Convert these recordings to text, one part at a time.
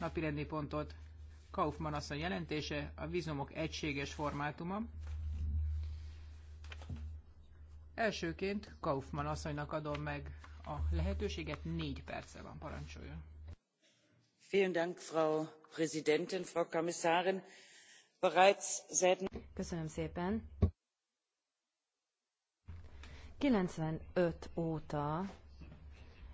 napirendi pontot Kaufmann asszony jelentése, a vízumok egységes formátuma. Elsőként Kaufmann asszonynak adom meg a lehetőséget, négy perce van, parancsoljon. Vielen Dank, Frau Präsidentin, Frau Kommissarin. Bereits seit... Köszönöm szépen. 95 óta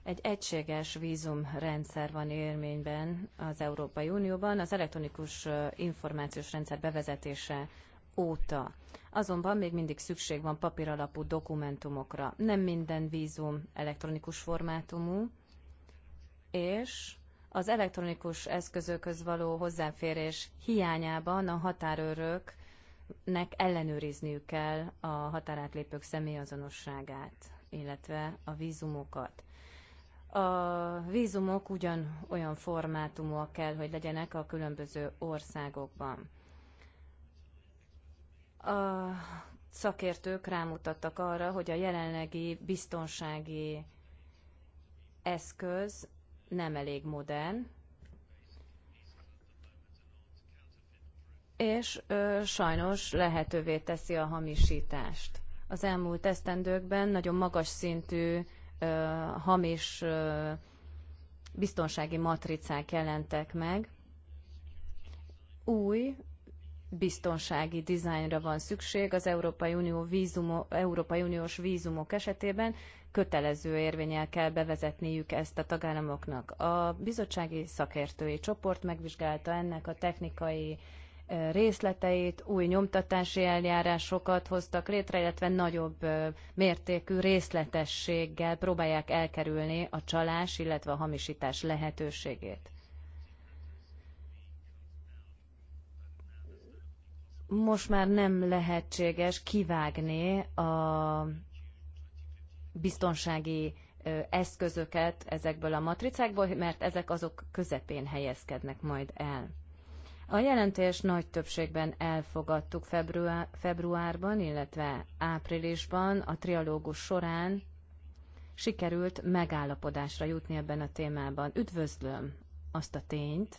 egy egységes vízumrendszer van élményben az Európai Unióban az elektronikus információs rendszer bevezetése óta. Azonban még mindig szükség van papíralapú dokumentumokra. Nem minden vízum elektronikus formátumú, és az elektronikus eszközökhöz való hozzáférés hiányában a határőröknek ellenőrizniük kell a határátlépők személyazonosságát, illetve a vízumokat. A vízumok ugyan olyan formátumúak kell, hogy legyenek a különböző országokban. A szakértők rámutattak arra, hogy a jelenlegi biztonsági eszköz nem elég modern, és ö, sajnos lehetővé teszi a hamisítást. Az elmúlt esztendőkben nagyon magas szintű ö, hamis ö, biztonsági matricák jelentek meg. Új biztonsági dizájnra van szükség az Európai, Unió vízumo, Európai Uniós vízumok esetében, kötelező érvényel kell bevezetniük ezt a tagállamoknak. A bizottsági szakértői csoport megvizsgálta ennek a technikai részleteit, új nyomtatási eljárásokat hoztak létre, illetve nagyobb mértékű részletességgel próbálják elkerülni a csalás, illetve a hamisítás lehetőségét. Most már nem lehetséges kivágni a biztonsági eszközöket ezekből a matricákból, mert ezek azok közepén helyezkednek majd el. A jelentés nagy többségben elfogadtuk február, februárban, illetve áprilisban a trialógus során sikerült megállapodásra jutni ebben a témában. Üdvözlöm azt a tényt,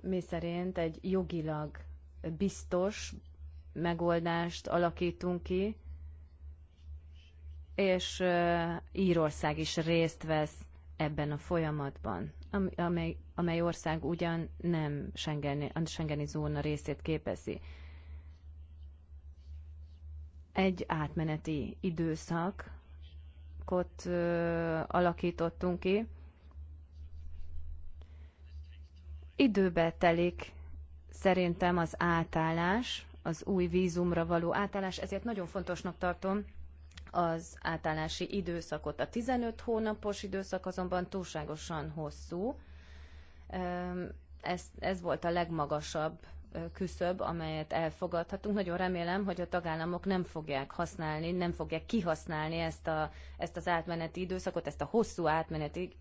mi szerint egy jogilag biztos megoldást alakítunk ki, és Írország is részt vesz ebben a folyamatban, amely, amely ország ugyan nem Schengeni, a Schengeni zóna részét képezi. Egy átmeneti időszakot ö, alakítottunk ki. Időbe telik szerintem az átállás, az új vízumra való átállás, ezért nagyon fontosnak tartom, az átállási időszakot. A 15 hónapos időszak azonban túlságosan hosszú. Ez, ez volt a legmagasabb küszöb, amelyet elfogadhatunk. Nagyon remélem, hogy a tagállamok nem fogják használni, nem fogják kihasználni ezt, a, ezt az átmeneti időszakot, ezt a hosszú átmeneti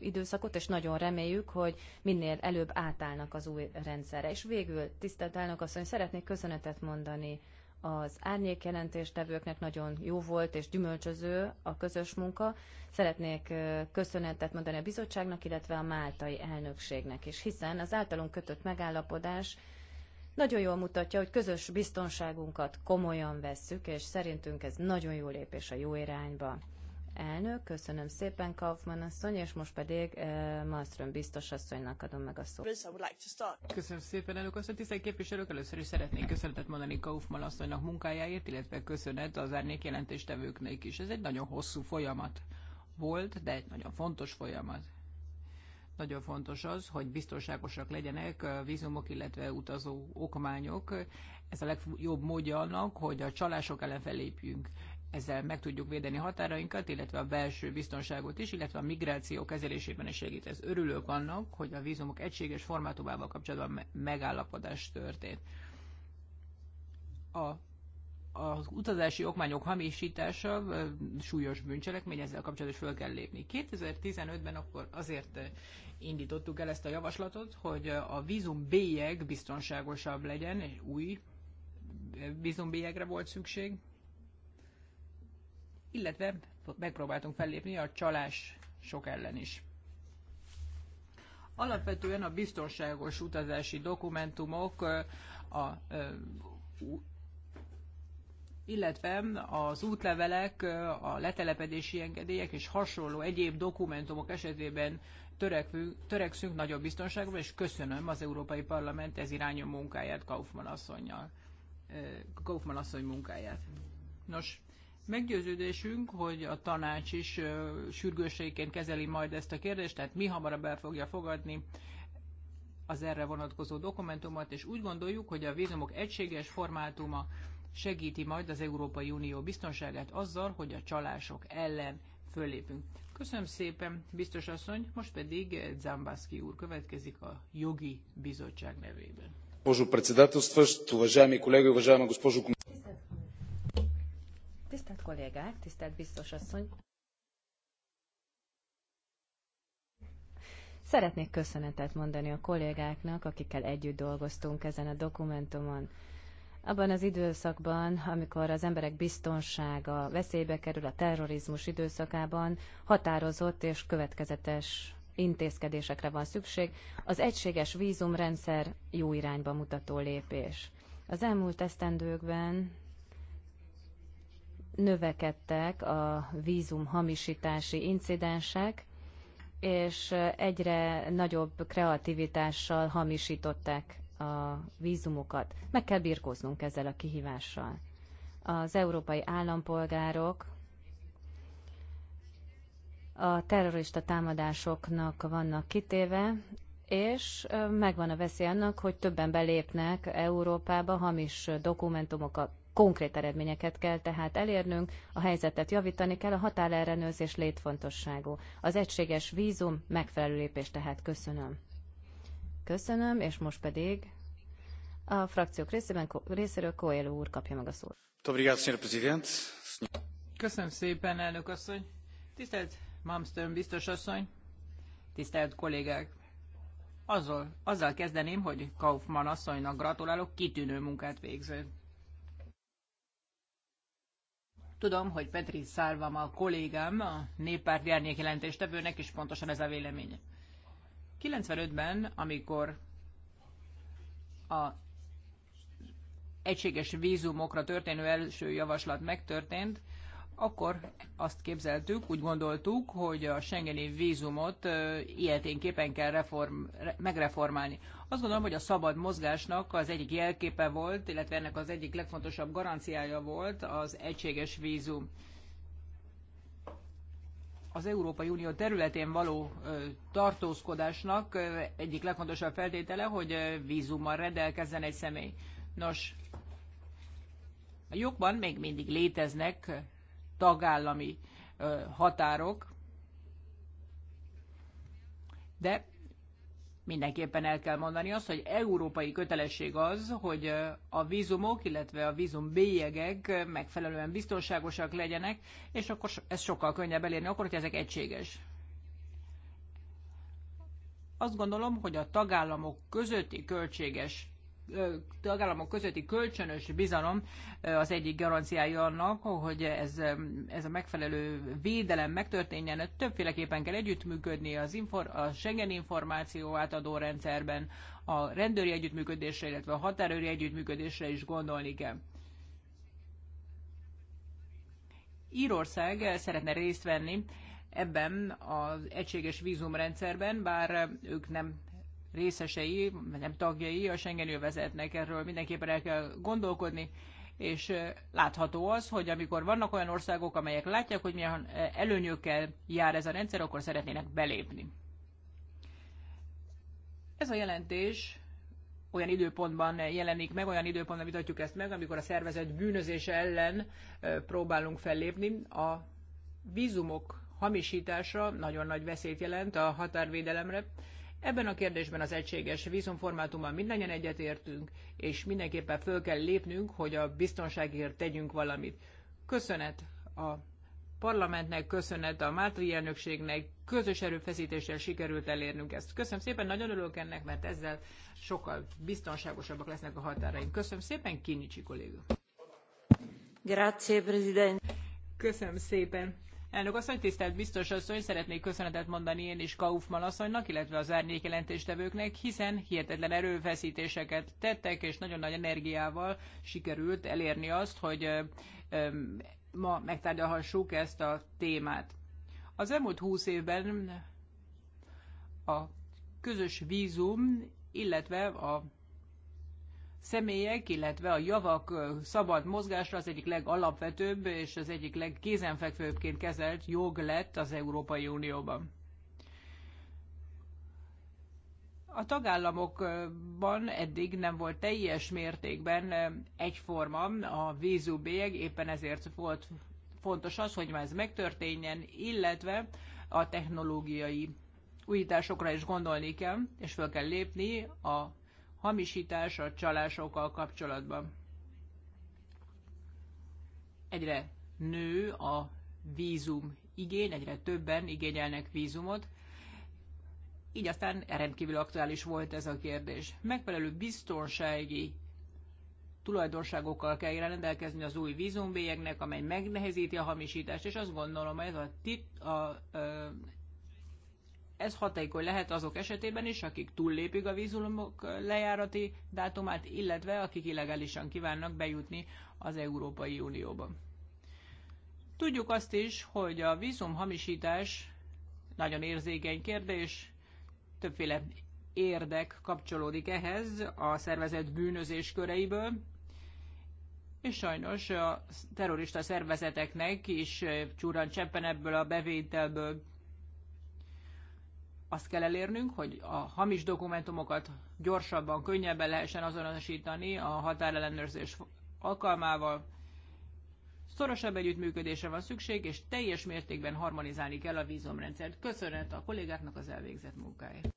időszakot, és nagyon reméljük, hogy minél előbb átállnak az új rendszerre. És végül, tisztelt elnök asszony, szeretnék köszönetet mondani az árnyék jelentéstevőknek nagyon jó volt és gyümölcsöző a közös munka. Szeretnék köszönetet mondani a bizottságnak, illetve a máltai elnökségnek is, hiszen az általunk kötött megállapodás nagyon jól mutatja, hogy közös biztonságunkat komolyan vesszük, és szerintünk ez nagyon jó lépés a jó irányba. Elnök, köszönöm szépen Kaufmann asszony, és most pedig uh, Malmström biztos asszonynak adom meg a szót. Köszönöm szépen, elnök asszony. Tisztelt képviselők, először is szeretnék köszönetet mondani Kaufmann asszonynak munkájáért, illetve köszönet az árnyék jelentéstevőknek is. Ez egy nagyon hosszú folyamat volt, de egy nagyon fontos folyamat. Nagyon fontos az, hogy biztonságosak legyenek vízumok, illetve utazó okmányok. Ez a legjobb módja annak, hogy a csalások ellen fellépjünk ezzel meg tudjuk védeni határainkat, illetve a belső biztonságot is, illetve a migráció kezelésében is segít. Ez örülök annak, hogy a vízumok egységes formátumával kapcsolatban megállapodás történt. A az utazási okmányok hamisítása súlyos bűncselekmény, ezzel kapcsolatban föl kell lépni. 2015-ben akkor azért indítottuk el ezt a javaslatot, hogy a vízum bélyeg biztonságosabb legyen, egy új bélyegre volt szükség, illetve megpróbáltunk fellépni a csalás sok ellen is. Alapvetően a biztonságos utazási dokumentumok, a, illetve az útlevelek, a letelepedési engedélyek és hasonló egyéb dokumentumok esetében törekszünk nagyobb biztonságra, és köszönöm az Európai Parlament ez irányú munkáját Kaufmann Kaufmann asszony munkáját. Nos, Meggyőződésünk, hogy a tanács is sürgőségként kezeli majd ezt a kérdést, tehát mi hamarabb el fogja fogadni az erre vonatkozó dokumentumot, és úgy gondoljuk, hogy a vízumok egységes formátuma segíti majd az Európai Unió biztonságát azzal, hogy a csalások ellen föllépünk. Köszönöm szépen, biztos asszony, most pedig Zambaszki úr következik a jogi bizottság nevében. Госпожо председателстващ, уважаеми колеги, уважаема госпожо kollégák, tisztelt biztos asszony! Szeretnék köszönetet mondani a kollégáknak, akikkel együtt dolgoztunk ezen a dokumentumon. Abban az időszakban, amikor az emberek biztonsága veszélybe kerül a terrorizmus időszakában, határozott és következetes intézkedésekre van szükség. Az egységes vízumrendszer jó irányba mutató lépés. Az elmúlt esztendőkben növekedtek a vízum hamisítási incidensek, és egyre nagyobb kreativitással hamisították a vízumokat. Meg kell birkóznunk ezzel a kihívással. Az európai állampolgárok a terrorista támadásoknak vannak kitéve, és megvan a veszély annak, hogy többen belépnek Európába hamis dokumentumokat Konkrét eredményeket kell tehát elérnünk, a helyzetet javítani kell, a határellenőrzés létfontosságú. Az egységes vízum megfelelő lépés tehát köszönöm. Köszönöm, és most pedig a frakciók részében, részéről Coelho úr kapja meg a szót. Köszönöm szépen, elnök asszony. Tisztelt Malmström biztos asszony, tisztelt kollégák. Azzal, azzal kezdeném, hogy Kaufmann asszonynak gratulálok, kitűnő munkát végzett. Tudom, hogy Petri Szárvam a kollégám, a néppárt árnyék jelentéstevőnek is pontosan ez a véleménye. 95-ben, amikor a egységes vízumokra történő első javaslat megtörtént, akkor azt képzeltük, úgy gondoltuk, hogy a Schengeni vízumot ilyeténképpen kell reform, megreformálni. Azt gondolom, hogy a szabad mozgásnak az egyik jelképe volt, illetve ennek az egyik legfontosabb garanciája volt az egységes vízum. Az Európai Unió területén való tartózkodásnak egyik legfontosabb feltétele, hogy vízummal rendelkezzen egy személy. Nos, a jogban még mindig léteznek tagállami határok, de mindenképpen el kell mondani azt, hogy európai kötelesség az, hogy a vízumok, illetve a vízum bélyegek megfelelően biztonságosak legyenek, és akkor ez sokkal könnyebb elérni, akkor, hogy ezek egységes. Azt gondolom, hogy a tagállamok közötti költséges tagállamok közötti kölcsönös bizalom az egyik garanciája annak, hogy ez, ez a megfelelő védelem megtörténjen. Többféleképpen kell együttműködni az infor, a Schengen információ átadó rendszerben, a rendőri együttműködésre, illetve a határőri együttműködésre is gondolni kell. Írország szeretne részt venni ebben az egységes vízumrendszerben, bár ők nem részesei, nem tagjai a Schengen vezetnek erről mindenképpen el kell gondolkodni, és látható az, hogy amikor vannak olyan országok, amelyek látják, hogy milyen előnyökkel jár ez a rendszer, akkor szeretnének belépni. Ez a jelentés olyan időpontban jelenik meg, olyan időpontban vitatjuk ezt meg, amikor a szervezet bűnözése ellen próbálunk fellépni. A vízumok hamisítása nagyon nagy veszélyt jelent a határvédelemre, Ebben a kérdésben az egységes vízumformátumban mindannyian egyetértünk, és mindenképpen föl kell lépnünk, hogy a biztonságért tegyünk valamit. Köszönet a parlamentnek, köszönet a Mátri elnökségnek, közös erőfeszítéssel sikerült elérnünk ezt. Köszönöm szépen, nagyon örülök ennek, mert ezzel sokkal biztonságosabbak lesznek a határaink. Köszönöm szépen, Kinicsi kollégő. Grazie, Presidente. Köszönöm szépen, Elnök asszony, tisztelt biztos asszony, szeretnék köszönetet mondani én is Kaufmann asszonynak, illetve az árnyék jelentéstevőknek, hiszen hihetetlen erőfeszítéseket tettek, és nagyon nagy energiával sikerült elérni azt, hogy ma megtárgyalhassuk ezt a témát. Az elmúlt húsz évben a közös vízum, illetve a személyek, illetve a javak szabad mozgásra az egyik legalapvetőbb és az egyik legkézenfekvőbbként kezelt jog lett az Európai Unióban. A tagállamokban eddig nem volt teljes mértékben egyforma a vízubélyeg, éppen ezért volt fontos az, hogy már ez megtörténjen, illetve a technológiai újításokra is gondolni kell, és fel kell lépni a hamisítás, a csalásokkal kapcsolatban. Egyre nő a vízum igény, egyre többen igényelnek vízumot, így aztán rendkívül aktuális volt ez a kérdés. Megfelelő biztonsági tulajdonságokkal kell rendelkezni az új vízumbélyegnek, amely megnehezíti a hamisítást, és azt gondolom, ez a, tit, a, a ez hatékony lehet azok esetében is, akik túllépik a vízumok lejárati dátumát, illetve akik illegálisan kívánnak bejutni az Európai Unióba. Tudjuk azt is, hogy a vízum hamisítás nagyon érzékeny kérdés, többféle érdek kapcsolódik ehhez a szervezet bűnözés köreiből, és sajnos a terrorista szervezeteknek is eh, csúran cseppen ebből a bevételből azt kell elérnünk, hogy a hamis dokumentumokat gyorsabban, könnyebben lehessen azonosítani a határellenőrzés alkalmával. Szorosabb együttműködésre van szükség, és teljes mértékben harmonizálni kell a vízumrendszert. Köszönet a kollégáknak az elvégzett munkáért.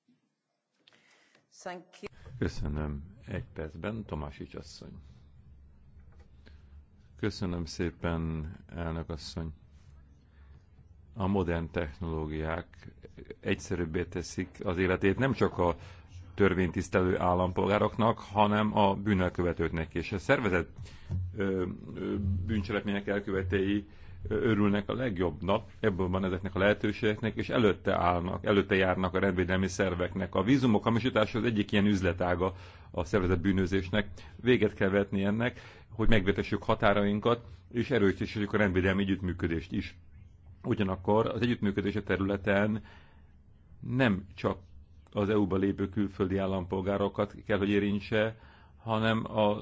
Köszönöm. Egy percben Tomásics asszony. Köszönöm szépen, elnök asszony a modern technológiák egyszerűbbé teszik az életét nem csak a törvénytisztelő állampolgároknak, hanem a bűnelkövetőknek is. A szervezet bűncselekmények elkövetői örülnek a legjobbnak, ebből van ezeknek a lehetőségeknek, és előtte állnak, előtte járnak a rendvédelmi szerveknek. A vízumok hamisítása az egyik ilyen üzletága a szervezet bűnözésnek. Véget kell vetni ennek, hogy megvetessük határainkat, és erősítsük a rendvédelmi együttműködést is Ugyanakkor az együttműködés a területen nem csak az EU-ba lépő külföldi állampolgárokat kell, hogy érintse, hanem az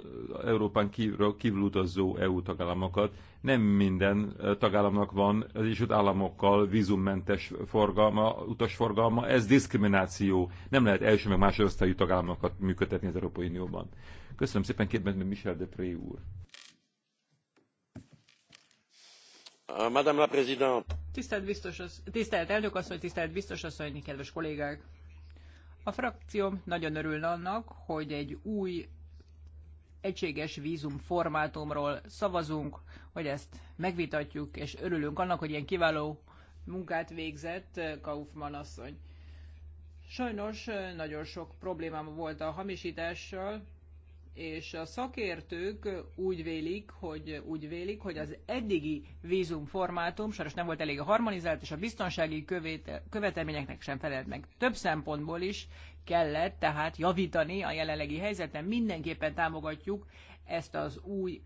Európán kívül, kívül utazó EU tagállamokat. Nem minden tagállamnak van az is Államokkal vízummentes forgalma, utasforgalma, ez diszkrimináció. Nem lehet első meg másodosztályú tagállamokat működtetni az Európai Unióban. Köszönöm szépen, kérdezem Michel Depré úr. Uh, tisztelt, tisztelt elnök asszony, tisztelt biztos asszony, kedves kollégák! A frakcióm nagyon örül annak, hogy egy új egységes vízum formátumról szavazunk, hogy ezt megvitatjuk, és örülünk annak, hogy ilyen kiváló munkát végzett uh, Kaufmann asszony. Sajnos uh, nagyon sok problémám volt a hamisítással, és a szakértők úgy vélik, hogy, úgy vélik, hogy az eddigi vízumformátum sajnos nem volt elég harmonizált, és a biztonsági követelményeknek sem felelt meg. Több szempontból is kellett tehát javítani a jelenlegi helyzeten. Mindenképpen támogatjuk ezt az új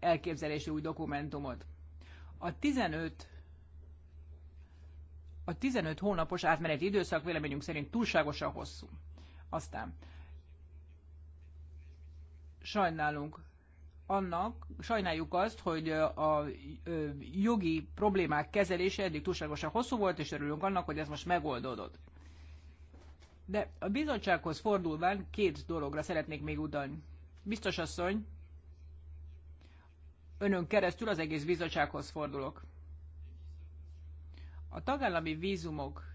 elképzelési új dokumentumot. A 15 a 15 hónapos átmeneti időszak véleményünk szerint túlságosan hosszú. Aztán sajnálunk annak, sajnáljuk azt, hogy a jogi problémák kezelése eddig túlságosan hosszú volt, és örülünk annak, hogy ez most megoldódott. De a bizottsághoz fordulván két dologra szeretnék még utalni. Biztos asszony, önön keresztül az egész bizottsághoz fordulok. A tagállami vízumok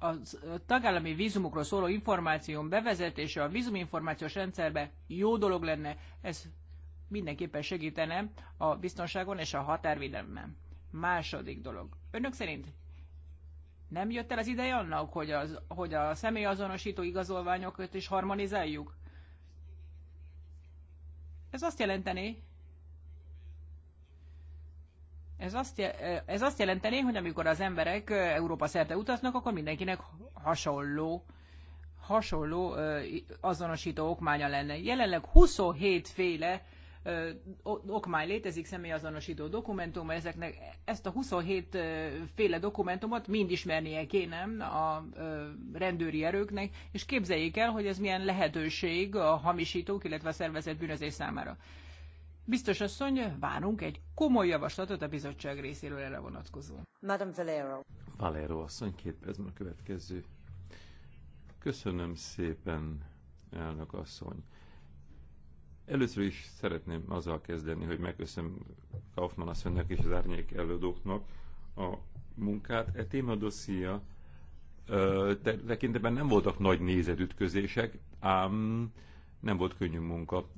a tagállami vízumokról szóló információn bevezetése a vízuminformációs rendszerbe jó dolog lenne, ez mindenképpen segítene a biztonságon és a határvédelemben. Második dolog. Önök szerint nem jött el az ideje annak, hogy, az, hogy a személyazonosító igazolványokat is harmonizáljuk? Ez azt jelenteni, ez azt, ez azt jelenteni, hogy amikor az emberek Európa szerte utaznak, akkor mindenkinek hasonló hasonló azonosító okmánya lenne. Jelenleg 27 féle okmány létezik, személyazonosító dokumentum, ezeknek ezt a 27 féle dokumentumot mind ismernie kéne a rendőri erőknek, és képzeljék el, hogy ez milyen lehetőség a hamisítók, illetve a szervezet bűnözés számára. Biztos asszony, várunk egy komoly javaslatot a bizottság részéről erre vonatkozó. Madame Valero. Valero asszony, két perc a következő. Köszönöm szépen, elnök asszony. Először is szeretném azzal kezdeni, hogy megköszönöm Kaufmann asszonynak és az árnyék előadóknak a munkát. E témadosszia tekintetben nem voltak nagy nézetütközések, ám nem volt könnyű munka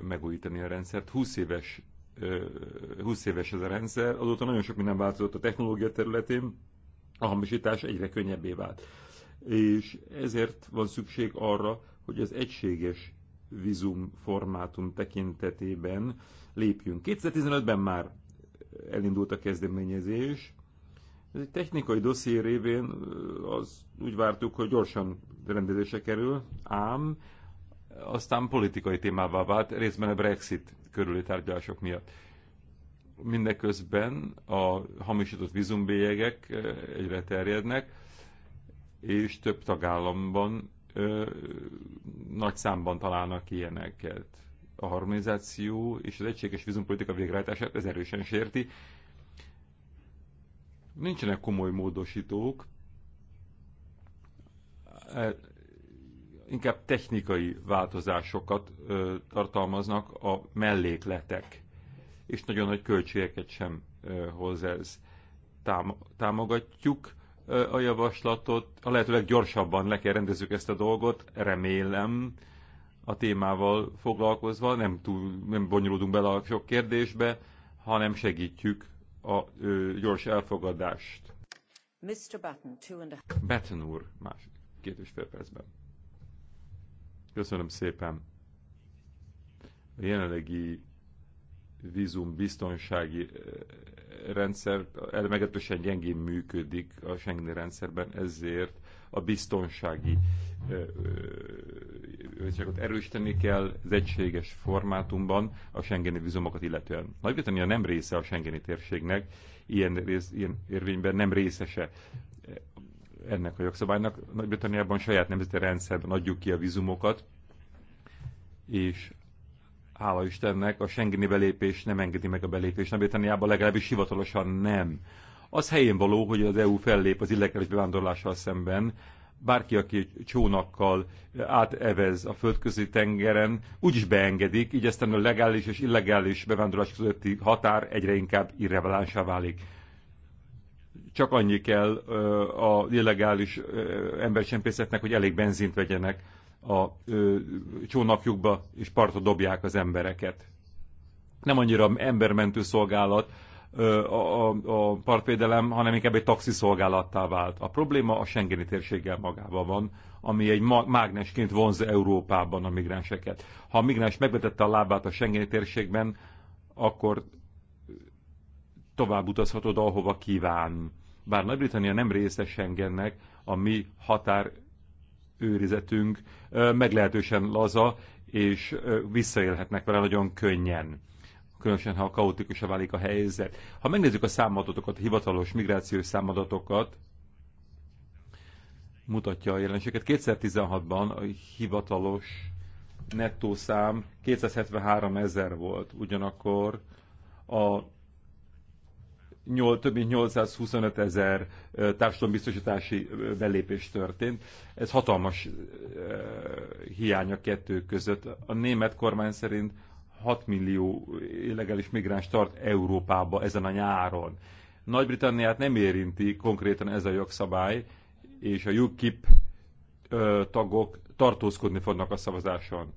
megújítani a rendszert. 20 éves, 20 éves ez a rendszer, azóta nagyon sok minden változott a technológia területén, a hamisítás egyre könnyebbé vált. És ezért van szükség arra, hogy az egységes vízum formátum tekintetében lépjünk. 2015-ben már elindult a kezdeményezés. Ez egy technikai dosszié révén az úgy vártuk, hogy gyorsan rendezése kerül, ám aztán politikai témává vált, részben a Brexit körüli tárgyalások miatt. Mindeközben a hamisított vízumbélyegek egyre terjednek, és több tagállamban ö, nagy számban találnak ilyeneket. A harmonizáció és az egységes vízumpolitika végrehajtását ez erősen sérti. Nincsenek komoly módosítók, inkább technikai változásokat ö, tartalmaznak a mellékletek, és nagyon nagy költségeket sem ö, hoz ez. Tám támogatjuk ö, a javaslatot, a lehetőleg gyorsabban le kell rendezzük ezt a dolgot, remélem a témával foglalkozva, nem, túl, nem bonyolódunk bele a sok kérdésbe, hanem segítjük a ö, gyors elfogadást. Mr. Button, two and a... Button úr, másik két és fél percben. Köszönöm szépen. A jelenlegi vízum biztonsági eh, rendszer meglehetősen gyengén működik a Schengen rendszerben, ezért a biztonsági csak eh, eh, erősíteni kell az egységes formátumban a Schengeni vízumokat illetően. Nagy-Britannia nem része a Schengeni térségnek, ilyen, rész, ilyen érvényben nem részese ennek a jogszabálynak. Nagy-Britanniában saját nemzeti rendszerben adjuk ki a vízumokat, és hála Istennek a Schengeni belépés nem engedi meg a belépést Nagy-Britanniában, legalábbis hivatalosan nem. Az helyén való, hogy az EU fellép az illegális bevándorlással szemben, bárki, aki csónakkal átevez a földközi tengeren, úgyis beengedik, így aztán a legális és illegális bevándorlás közötti határ egyre inkább irrevelánsá válik csak annyi kell a illegális embercsempészetnek, hogy elég benzint vegyenek a csónakjukba, és partra dobják az embereket. Nem annyira embermentő szolgálat a, partvédelem, hanem inkább egy taxiszolgálattá vált. A probléma a Schengeni térséggel magában van, ami egy mágnesként vonz Európában a migránseket. Ha a migráns megvetette a lábát a Schengeni térségben, akkor tovább utazhatod ahova kíván. Bár Nagy-Britannia nem része Schengennek, a mi határ őrizetünk meglehetősen laza, és visszaélhetnek vele nagyon könnyen különösen ha kaotikusra válik a helyzet. Ha megnézzük a számadatokat, a hivatalos migrációs számadatokat, mutatja a jelenséget. 2016-ban a hivatalos nettó szám 273 ezer volt, ugyanakkor a 8 több mint 825 ezer társadalombiztosítási belépés történt. Ez hatalmas hiány a kettő között. A német kormány szerint 6 millió illegális migráns tart Európába ezen a nyáron. Nagy-Britanniát nem érinti konkrétan ez a jogszabály, és a UKIP tagok tartózkodni fognak a szavazáson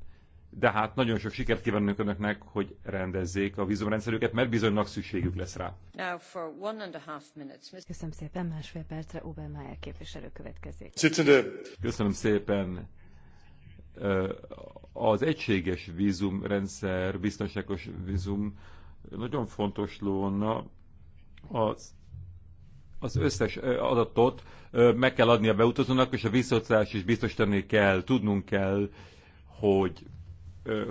de hát nagyon sok sikert kívánunk önöknek, hogy rendezzék a vízumrendszerüket, mert bizonynak szükségük lesz rá. Köszönöm szépen, másfél percre Obermeier képviselő következik. Köszönöm szépen. Az egységes vízumrendszer, biztonságos vízum nagyon fontos lóna az az összes adatot meg kell adni a beutazónak, és a visszautazás is biztosítani kell, tudnunk kell, hogy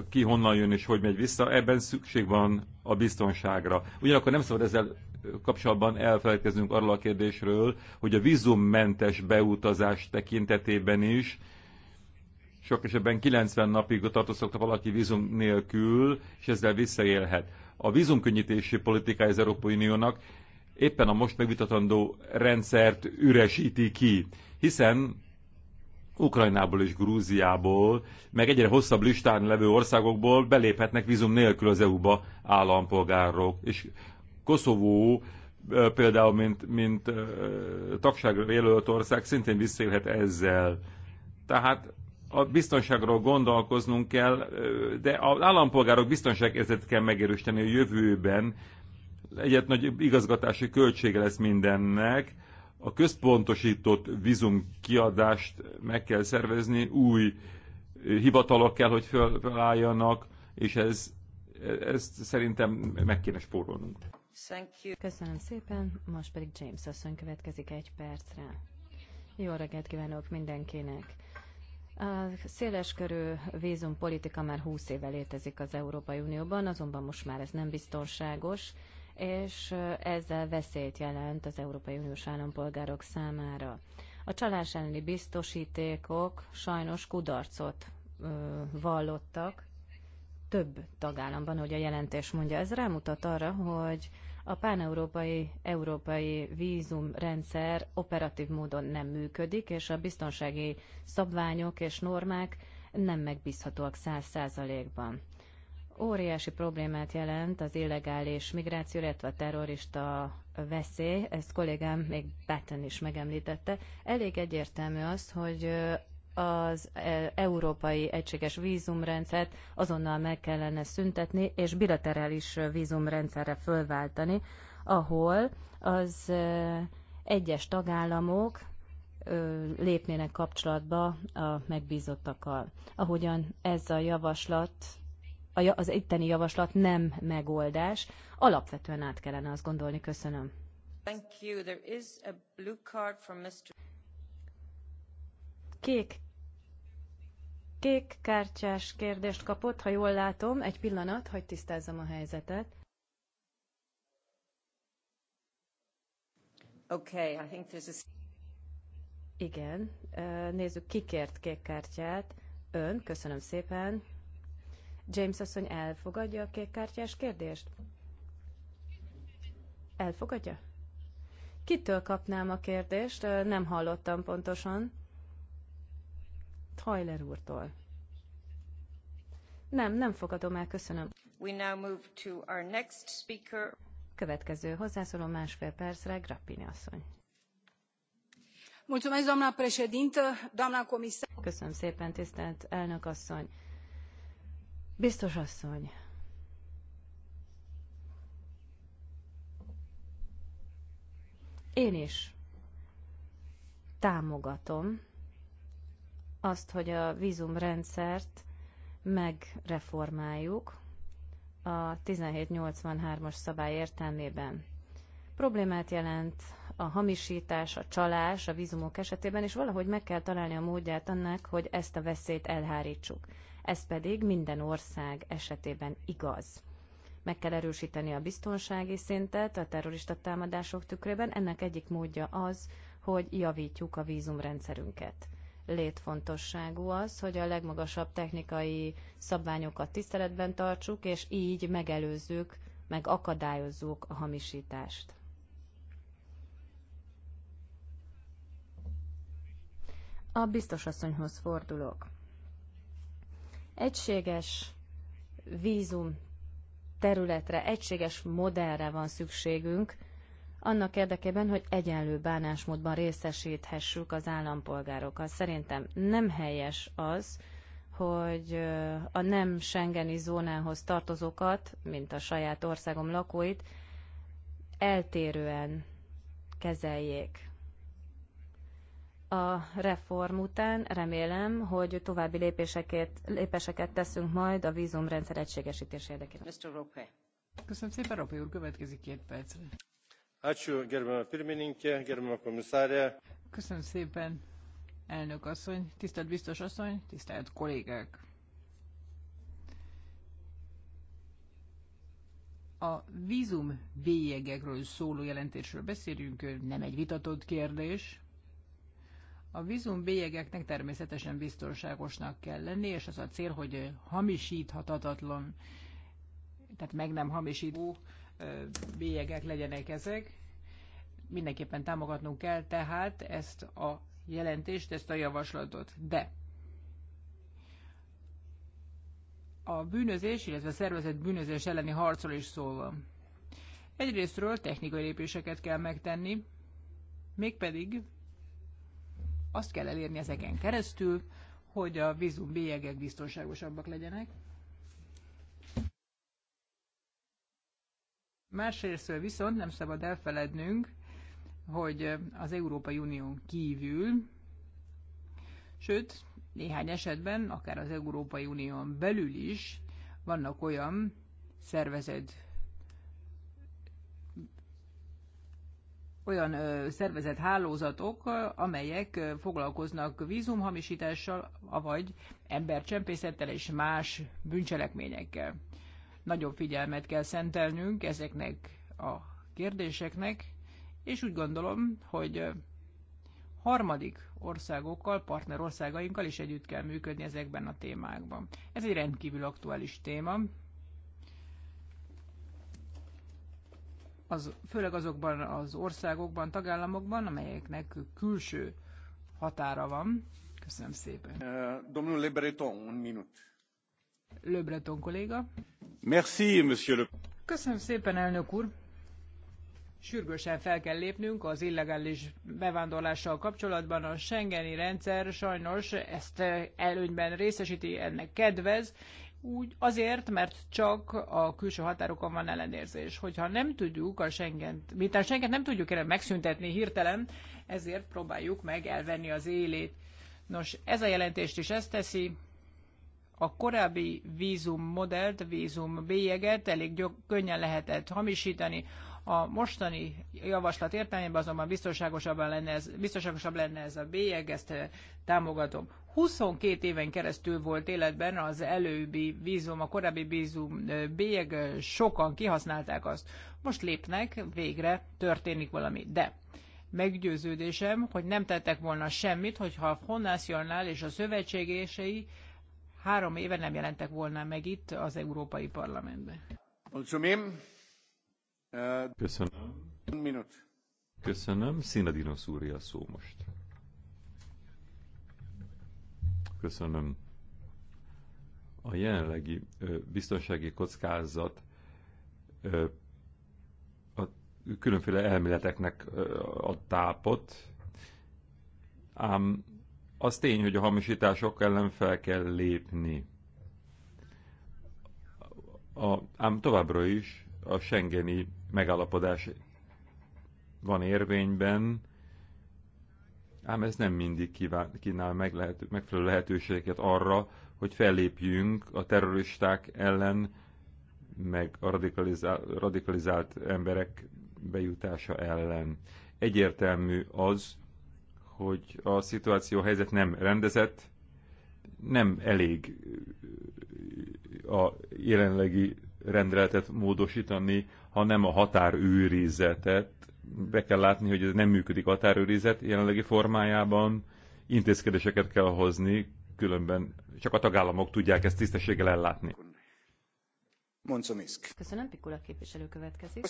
ki honnan jön és hogy megy vissza, ebben szükség van a biztonságra. Ugyanakkor nem szabad ezzel kapcsolatban elfelelkeznünk arról a kérdésről, hogy a vízummentes beutazás tekintetében is sok esetben 90 napig tartózkodta valaki vízum nélkül, és ezzel visszaélhet. A vízumkönnyítési politikája az Európai Uniónak éppen a most megvitatandó rendszert üresíti ki, hiszen Ukrajnából és Grúziából, meg egyre hosszabb listán levő országokból beléphetnek vízum nélkül az EU-ba állampolgárok. És Koszovó például, mint, mint tagságra jelölt ország, szintén visszélhet ezzel. Tehát a biztonságról gondolkoznunk kell, de az állampolgárok biztonságérzetet kell megerősíteni a jövőben. Egyet nagy igazgatási költsége lesz mindennek, a központosított vízum kiadást meg kell szervezni, új hivatalok kell, hogy felálljanak, és ez, ezt szerintem meg kéne spórolnunk. Köszönöm szépen, most pedig James asszony következik egy percre. Jó reggelt kívánok mindenkinek! A széleskörű vízumpolitika már 20 éve létezik az Európai Unióban, azonban most már ez nem biztonságos és ezzel veszélyt jelent az Európai Uniós állampolgárok számára. A csalás elleni biztosítékok sajnos kudarcot ö, vallottak több tagállamban, hogy a jelentés mondja. Ez rámutat arra, hogy a páneurópai európai vízumrendszer operatív módon nem működik, és a biztonsági szabványok és normák nem megbízhatóak száz százalékban óriási problémát jelent az illegális migráció, illetve a terrorista veszély, ezt kollégám még Batten is megemlítette. Elég egyértelmű az, hogy az európai egységes vízumrendszert azonnal meg kellene szüntetni, és bilaterális vízumrendszerre fölváltani, ahol az egyes tagállamok lépnének kapcsolatba a megbízottakkal. Ahogyan ez a javaslat az itteni javaslat nem megoldás. Alapvetően át kellene azt gondolni. Köszönöm. Thank you. There is a blue card from Mr. Kék kék kártyás kérdést kapott, ha jól látom. Egy pillanat, hogy tisztázzam a helyzetet. Okay, I think there's a... Igen, nézzük, ki kért kék kártyát. Ön, köszönöm szépen. James asszony elfogadja a kékkártyás kérdést? Elfogadja? Kitől kapnám a kérdést? Nem hallottam pontosan. Tyler úrtól. Nem, nem fogadom el, köszönöm. We now move to our next speaker. Következő hozzászóló másfél percre, Grappini asszony. Mulțumesc, doamna președintă, doamna comisar. Köszönöm szépen, tisztelt elnök asszony. Biztos asszony. Én is támogatom azt, hogy a vízumrendszert megreformáljuk a 1783-as szabály értelmében. Problémát jelent a hamisítás, a csalás a vízumok esetében, és valahogy meg kell találni a módját annak, hogy ezt a veszélyt elhárítsuk ez pedig minden ország esetében igaz. Meg kell erősíteni a biztonsági szintet a terrorista támadások tükrében, ennek egyik módja az, hogy javítjuk a vízumrendszerünket létfontosságú az, hogy a legmagasabb technikai szabványokat tiszteletben tartsuk, és így megelőzzük, meg akadályozzuk a hamisítást. A biztosasszonyhoz fordulok. Egységes vízum területre, egységes modellre van szükségünk, annak érdekében, hogy egyenlő bánásmódban részesíthessük az állampolgárokat. Szerintem nem helyes az, hogy a nem Schengeni zónához tartozókat, mint a saját országom lakóit, eltérően kezeljék a reform után remélem, hogy további lépéseket, lépéseket teszünk majd a vízumrendszer egységesítés érdekében. Mr. Rope. Köszönöm szépen, Rope úr, következik két percre. Ačiū, gerbiama pirmininkė, gerbiama komisárė. Köszönöm szépen, elnök asszony, tisztelt biztos asszony, tisztelt kollégák. A vízum bélyegekről szóló jelentésről beszélünk, nem egy vitatott kérdés, a vízum bélyegeknek természetesen biztonságosnak kell lenni, és az a cél, hogy hamisíthatatlan, tehát meg nem hamisító bélyegek legyenek ezek. Mindenképpen támogatnunk kell tehát ezt a jelentést, ezt a javaslatot. De a bűnözés, illetve a szervezet bűnözés elleni harcol is szó van. Egyrésztről technikai lépéseket kell megtenni, mégpedig azt kell elérni ezeken keresztül, hogy a vízum bélyegek biztonságosabbak legyenek. Másrészt viszont nem szabad elfelednünk, hogy az Európai Unión kívül, sőt, néhány esetben, akár az Európai Unión belül is vannak olyan szervezett olyan szervezett hálózatok, amelyek foglalkoznak vízumhamisítással, avagy embercsempészettel és más bűncselekményekkel. Nagyobb figyelmet kell szentelnünk ezeknek a kérdéseknek, és úgy gondolom, hogy harmadik országokkal, partnerországainkkal is együtt kell működni ezekben a témákban. Ez egy rendkívül aktuális téma, az, főleg azokban az országokban, tagállamokban, amelyeknek külső határa van. Köszönöm szépen. Eh, domnul Le Breton, un minut. Le Breton kolléga. Merci, monsieur le... Köszönöm szépen, elnök úr. Sürgősen fel kell lépnünk az illegális bevándorlással kapcsolatban. A Schengeni rendszer sajnos ezt eh, előnyben részesíti, ennek kedvez, úgy azért, mert csak a külső határokon van ellenérzés. Hogyha nem tudjuk a Schengent, a Schengent nem tudjuk erre megszüntetni hirtelen, ezért próbáljuk meg elvenni az élét. Nos, ez a jelentést is ezt teszi. A korábbi vízum modellt, vízum bélyeget elég könnyen lehetett hamisítani. A mostani javaslat értelmében azonban biztonságosabban lenne ez, biztonságosabb lenne ez a bélyeg, ezt eh, támogatom. 22 éven keresztül volt életben az előbbi vízum, a korábbi vízum eh, bélyeg, eh, sokan kihasználták azt. Most lépnek, végre történik valami. De meggyőződésem, hogy nem tettek volna semmit, hogyha a Honnacional és a szövetségései három éve nem jelentek volna meg itt az Európai Parlamentben. Mulțumim! Köszönöm. Minut. Köszönöm. Színadinos úr a szó most. Köszönöm. A jelenlegi biztonsági kockázat a különféle elméleteknek a tápot, ám az tény, hogy a hamisítások ellen fel kell lépni. A, ám továbbra is a Schengeni megállapodás van érvényben, ám ez nem mindig kínál meg lehető, megfelelő lehetőségeket arra, hogy fellépjünk a terroristák ellen, meg a radikalizál, radikalizált emberek bejutása ellen. Egyértelmű az, hogy a szituáció a helyzet nem rendezett, nem elég a jelenlegi rendeletet módosítani hanem a határőrizetet. Be kell látni, hogy ez nem működik határőrizet jelenlegi formájában, intézkedéseket kell hozni, különben csak a tagállamok tudják ezt tisztességgel ellátni. Köszönöm, Pikula képviselő következik.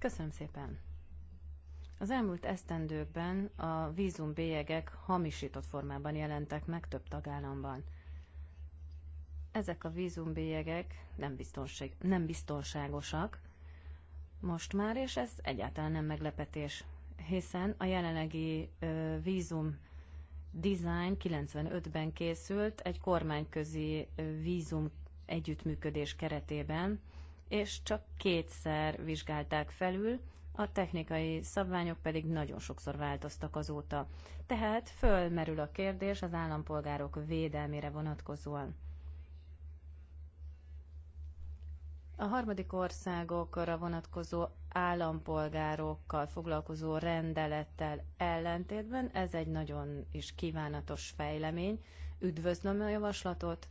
Köszönöm szépen. Az elmúlt esztendőkben a vízumbélyegek hamisított formában jelentek meg több tagállamban ezek a vízumbélyegek nem, biztonság, nem biztonságosak most már, és ez egyáltalán nem meglepetés, hiszen a jelenlegi ö, vízum design 95-ben készült egy kormányközi vízum együttműködés keretében, és csak kétszer vizsgálták felül, a technikai szabványok pedig nagyon sokszor változtak azóta. Tehát fölmerül a kérdés az állampolgárok védelmére vonatkozóan. A harmadik országokra vonatkozó állampolgárokkal foglalkozó rendelettel ellentétben ez egy nagyon is kívánatos fejlemény. Üdvözlöm a javaslatot,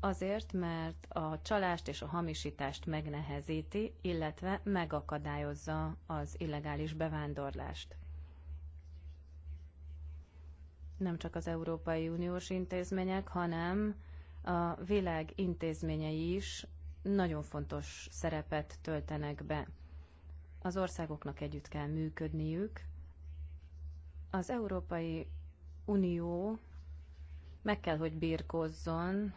azért, mert a csalást és a hamisítást megnehezíti, illetve megakadályozza az illegális bevándorlást. Nem csak az Európai Uniós intézmények, hanem a világ intézményei is nagyon fontos szerepet töltenek be. Az országoknak együtt kell működniük. Az Európai Unió meg kell, hogy birkozzon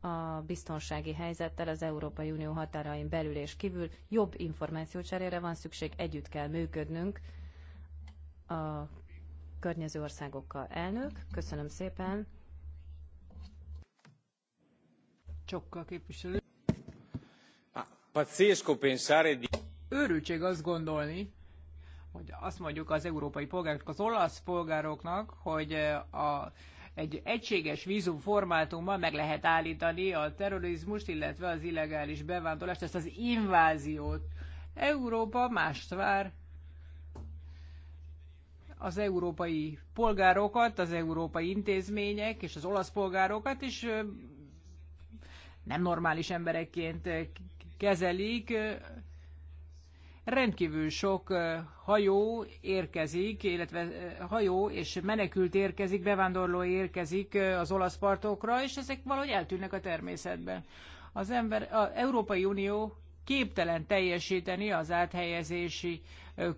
a biztonsági helyzettel az Európai Unió határain belül és kívül. Jobb információcserére van szükség, együtt kell működnünk a környező országokkal. Elnök, köszönöm szépen. Csokka képviselő. Őrültség azt gondolni, hogy azt mondjuk az európai polgároknak, az olasz polgároknak, hogy eh, a, egy egységes vízumformátumban meg lehet állítani a terrorizmust, illetve az illegális bevándorlást, ezt az inváziót. Európa mást vár. Az európai polgárokat, az európai intézmények és az olasz polgárokat is eh, nem normális emberekként kezelik. Rendkívül sok hajó érkezik, illetve hajó és menekült érkezik, bevándorló érkezik az olasz partokra, és ezek valahogy eltűnnek a természetben. Az ember, az Európai Unió képtelen teljesíteni az áthelyezési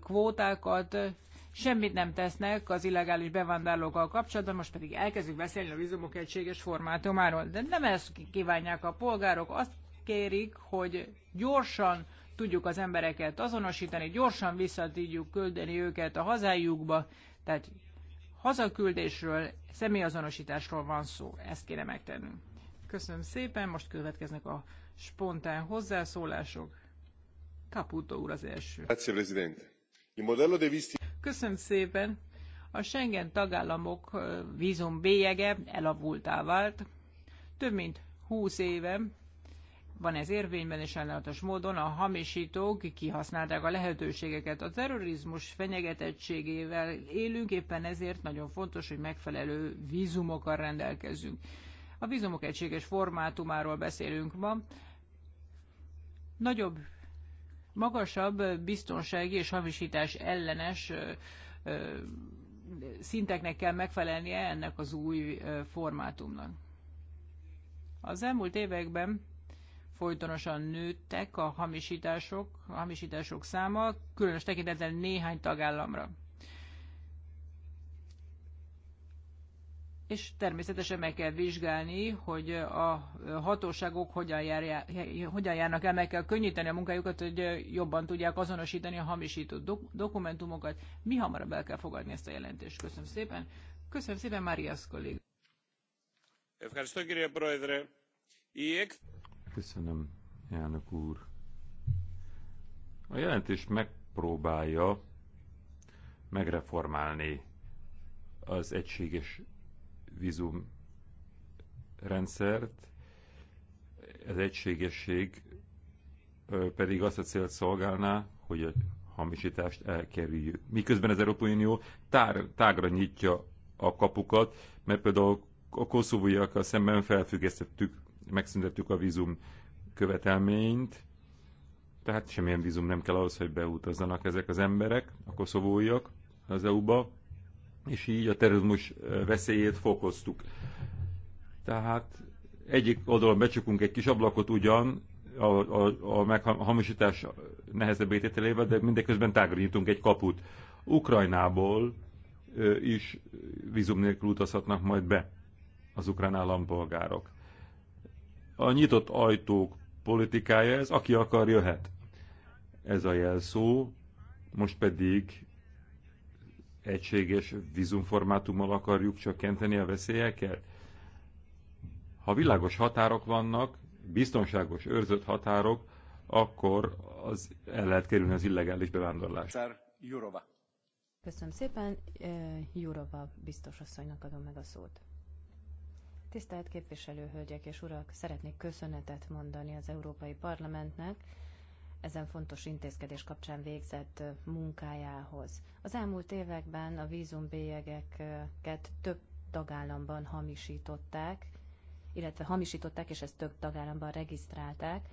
kvótákat, semmit nem tesznek az illegális bevándorlókkal kapcsolatban, most pedig elkezdünk beszélni a vízumok egységes formátumáról. De nem ezt kívánják a polgárok, azt kérik, hogy gyorsan tudjuk az embereket azonosítani, gyorsan vissza tudjuk küldeni őket a hazájukba, tehát hazaküldésről, személyazonosításról van szó, ezt kéne megtenni. Köszönöm szépen, most következnek a spontán hozzászólások. Caputo úr az első. Köszönöm szépen. A Schengen tagállamok eh, vízum bélyege elavultá vált. Több mint 20 éve van ez érvényben és ellenatos módon, a hamisítók kihasználták a lehetőségeket. A terrorizmus fenyegetettségével élünk, éppen ezért nagyon fontos, hogy megfelelő vízumokkal rendelkezünk. A vízumok egységes formátumáról beszélünk ma. Nagyobb, magasabb biztonsági és hamisítás ellenes szinteknek kell megfelelnie ennek az új formátumnak. Az elmúlt években folytonosan nőttek a hamisítások, a hamisítások száma, különös tekintetben néhány tagállamra. És természetesen meg kell vizsgálni, hogy a hatóságok hogyan, járja, hogyan járnak el, meg kell könnyíteni a munkájukat, hogy jobban tudják azonosítani a hamisított dokumentumokat. Mi hamarabb el kell fogadni ezt a jelentést. Köszönöm szépen. Köszönöm szépen, Máriasz kollég. Köszönöm, Köszönöm, elnök úr. A jelentés megpróbálja megreformálni az egységes vízum rendszert. Az egységesség pedig azt a célt szolgálná, hogy a hamisítást elkerüljük. Miközben az Európai Unió tár, tágra nyitja a kapukat, mert például a koszovóiakkal szemben felfüggesztettük megszüntettük a vízum követelményt, tehát semmilyen vízum nem kell ahhoz, hogy beutazzanak ezek az emberek, a koszovóiak az EU-ba, és így a terrorizmus veszélyét fokoztuk. Tehát egyik oldalon becsukunk egy kis ablakot ugyan, a, a, a meghamisítás nehezebb ételével, de mindeközben tágrítunk egy kaput. Ukrajnából ö, is vízum nélkül utazhatnak majd be az ukrán állampolgárok. A nyitott ajtók politikája ez, aki akar, jöhet. Ez a jelszó, most pedig egységes vízumformátummal akarjuk csökkenteni a veszélyeket? Ha világos határok vannak, biztonságos, őrzött határok, akkor az el lehet kerülni az illegális bevándorlást. Köszönöm szépen, eh, Jurova biztos asszonynak adom meg a szót. Tisztelt hölgyek és urak, szeretnék köszönetet mondani az Európai Parlamentnek ezen fontos intézkedés kapcsán végzett munkájához. Az elmúlt években a vízumbélyegeket több tagállamban hamisították, illetve hamisították, és ezt több tagállamban regisztrálták,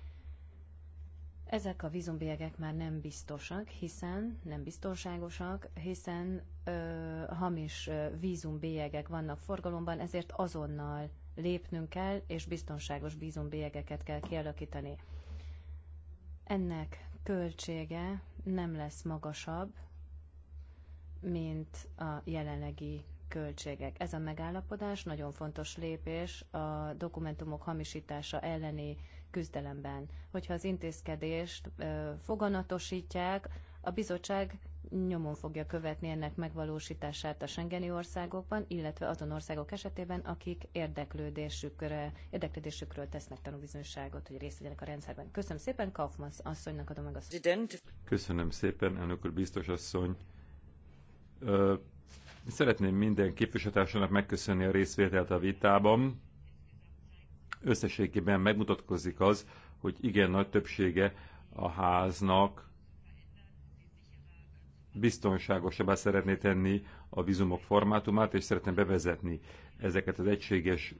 ezek a vízumbélyegek már nem biztosak, hiszen nem biztonságosak, hiszen ö, hamis vízumbélyegek vannak forgalomban, ezért azonnal lépnünk kell, és biztonságos vízumbélyegeket kell kialakítani. Ennek költsége nem lesz magasabb, mint a jelenlegi költségek. Ez a megállapodás nagyon fontos lépés a dokumentumok hamisítása elleni küzdelemben. Hogyha az intézkedést foganatosítják, a bizottság nyomon fogja követni ennek megvalósítását a Schengeni országokban, illetve azon országok esetében, akik érdeklődésükre, érdeklődésükről tesznek tanúbizonyságot, hogy részt vegyenek a rendszerben. Köszönöm szépen, Kaufmann asszonynak adom meg a szót. Köszönöm szépen, elnök úr, biztos asszony. Ö, szeretném minden képviselőtársának megköszönni a részvételt a vitában összességében megmutatkozik az, hogy igen nagy többsége a háznak biztonságosabbá szeretné tenni a vízumok formátumát, és szeretné bevezetni ezeket az egységes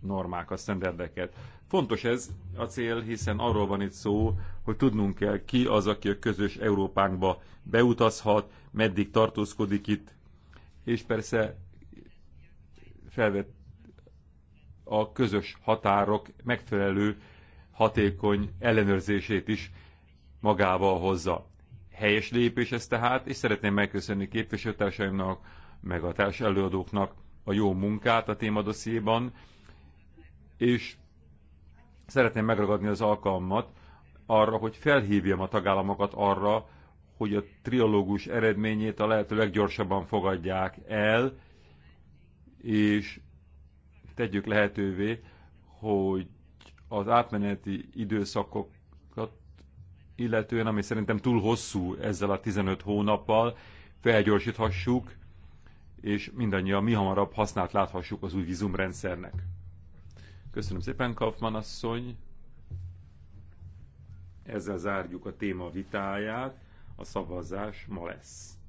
normákat, sztenderdeket. Fontos ez a cél, hiszen arról van itt szó, hogy tudnunk kell, ki az, aki a közös Európánkba beutazhat, meddig tartózkodik itt, és persze felvet, a közös határok megfelelő hatékony ellenőrzését is magával hozza. Helyes lépés ez tehát, és szeretném megköszönni képviselőtársaimnak, meg a társ előadóknak a jó munkát a témadosszéban, és szeretném megragadni az alkalmat arra, hogy felhívjam a tagállamokat arra, hogy a triológus eredményét a lehető leggyorsabban fogadják el, és tegyük lehetővé, hogy az átmeneti időszakokat illetően, ami szerintem túl hosszú ezzel a 15 hónappal, felgyorsíthassuk, és mindannyian mi hamarabb hasznát láthassuk az új vízumrendszernek. Köszönöm szépen, Kaufmann asszony! Ezzel zárjuk a téma vitáját, a szavazás ma lesz.